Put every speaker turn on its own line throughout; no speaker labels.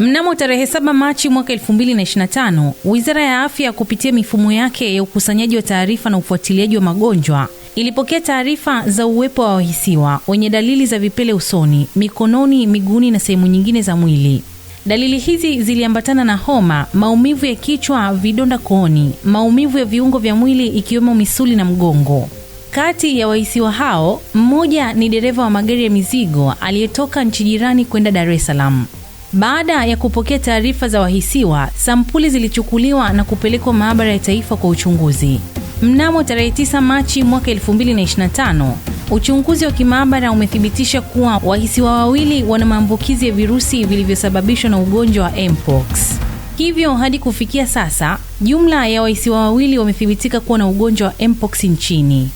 Mnamo tarehe 7 Machi mwaka 2025, Wizara ya Afya kupitia mifumo yake ya ukusanyaji wa taarifa na ufuatiliaji wa magonjwa ilipokea taarifa za uwepo wa wahisiwa wenye dalili za vipele usoni, mikononi, miguuni na sehemu nyingine za mwili. Dalili hizi ziliambatana na homa, maumivu ya kichwa, vidonda kooni, maumivu ya viungo vya mwili ikiwemo misuli na mgongo. Kati ya wahisiwa hao, mmoja ni dereva wa magari ya mizigo aliyetoka nchi jirani kwenda Dar es Salaam. Baada ya kupokea taarifa za wahisiwa, sampuli zilichukuliwa na kupelekwa maabara ya taifa kwa uchunguzi. Mnamo tarehe 9 Machi mwaka 2025, uchunguzi wa kimaabara umethibitisha kuwa wahisiwa wawili wana maambukizi ya virusi vilivyosababishwa na ugonjwa wa mpox. Hivyo hadi kufikia sasa, jumla ya wahisiwa wawili wamethibitika kuwa na ugonjwa wa mpox nchini.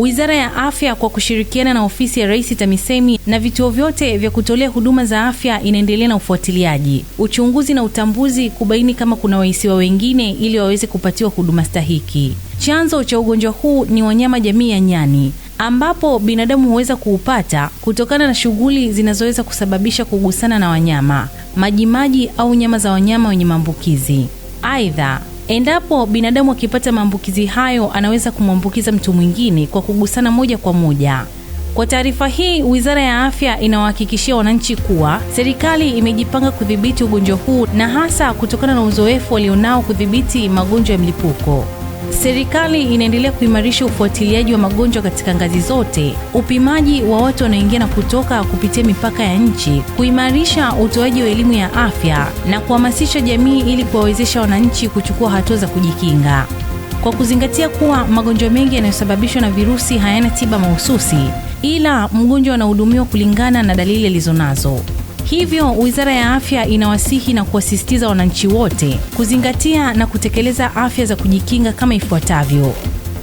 Wizara ya Afya kwa kushirikiana na ofisi ya Rais TAMISEMI na vituo vyote vya kutolea huduma za afya inaendelea na ufuatiliaji, uchunguzi na utambuzi kubaini kama kuna wahisiwa wengine ili waweze kupatiwa huduma stahiki. Chanzo cha ugonjwa huu ni wanyama jamii ya nyani ambapo binadamu huweza kuupata kutokana na shughuli zinazoweza kusababisha kugusana na wanyama, majimaji au nyama za wanyama wenye maambukizi. Aidha, Endapo binadamu akipata maambukizi hayo, anaweza kumwambukiza mtu mwingine kwa kugusana moja kwa moja. Kwa taarifa hii, Wizara ya Afya inawahakikishia wananchi kuwa serikali imejipanga kudhibiti ugonjwa huu na hasa kutokana na uzoefu walionao kudhibiti magonjwa ya mlipuko. Serikali inaendelea kuimarisha ufuatiliaji wa magonjwa katika ngazi zote, upimaji wa watu wanaoingia na kutoka kupitia mipaka ya nchi, kuimarisha utoaji wa elimu ya afya na kuhamasisha jamii ili kuwawezesha wananchi kuchukua hatua za kujikinga. Kwa kuzingatia kuwa magonjwa mengi yanayosababishwa na virusi hayana tiba mahususi, ila mgonjwa anahudumiwa kulingana na dalili alizonazo. Hivyo Wizara ya Afya inawasihi na kuwasisitiza wananchi wote kuzingatia na kutekeleza afya za kujikinga kama ifuatavyo.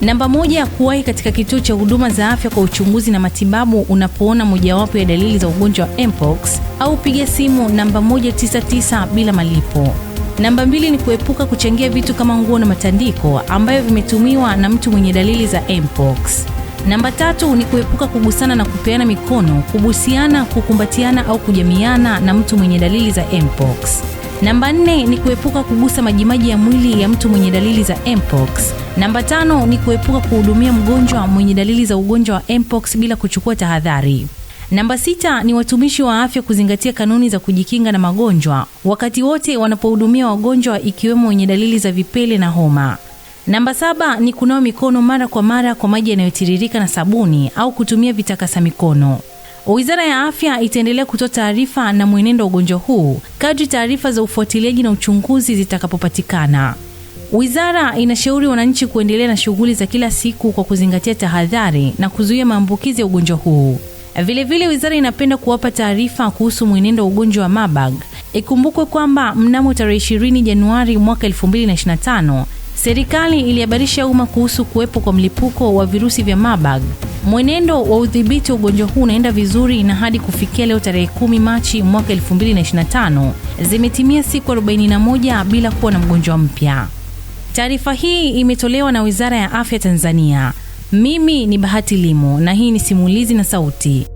Namba moja, kuwahi katika kituo cha huduma za afya kwa uchunguzi na matibabu unapoona mojawapo ya dalili za ugonjwa wa mpox au piga simu namba 199 bila malipo. Namba mbili ni kuepuka kuchangia vitu kama nguo na matandiko ambayo vimetumiwa na mtu mwenye dalili za mpox. Namba tatu ni kuepuka kugusana na kupeana mikono, kubusiana, kukumbatiana au kujamiana na mtu mwenye dalili za mpox. Namba nne ni kuepuka kugusa majimaji ya mwili ya mtu mwenye dalili za mpox. Namba tano ni kuepuka kuhudumia mgonjwa mwenye dalili za ugonjwa wa mpox bila kuchukua tahadhari. Namba sita ni watumishi wa afya kuzingatia kanuni za kujikinga na magonjwa wakati wote wanapohudumia wagonjwa ikiwemo wenye dalili za vipele na homa. Namba saba ni kunawa mikono mara kwa mara kwa maji yanayotiririka na sabuni au kutumia vitakasa mikono. Wizara ya Afya itaendelea kutoa taarifa na mwenendo wa ugonjwa huu kadri taarifa za ufuatiliaji na uchunguzi zitakapopatikana. Wizara inashauri wananchi kuendelea na shughuli za kila siku kwa kuzingatia tahadhari na kuzuia maambukizi ya ugonjwa huu. Vilevile vile wizara inapenda kuwapa taarifa kuhusu mwenendo wa ugonjwa wa Marburg. Ikumbukwe kwamba mnamo tarehe 20 Januari mwaka 2025 Serikali ilihabarisha umma kuhusu kuwepo kwa mlipuko wa virusi vya Marburg. Mwenendo wa udhibiti wa ugonjwa huu unaenda vizuri na hadi kufikia leo tarehe 10 Machi mwaka 2025 zimetimia siku 41 bila kuwa na mgonjwa mpya. Taarifa hii imetolewa na Wizara ya Afya Tanzania. Mimi ni Bahati Limo na hii ni Simulizi na Sauti.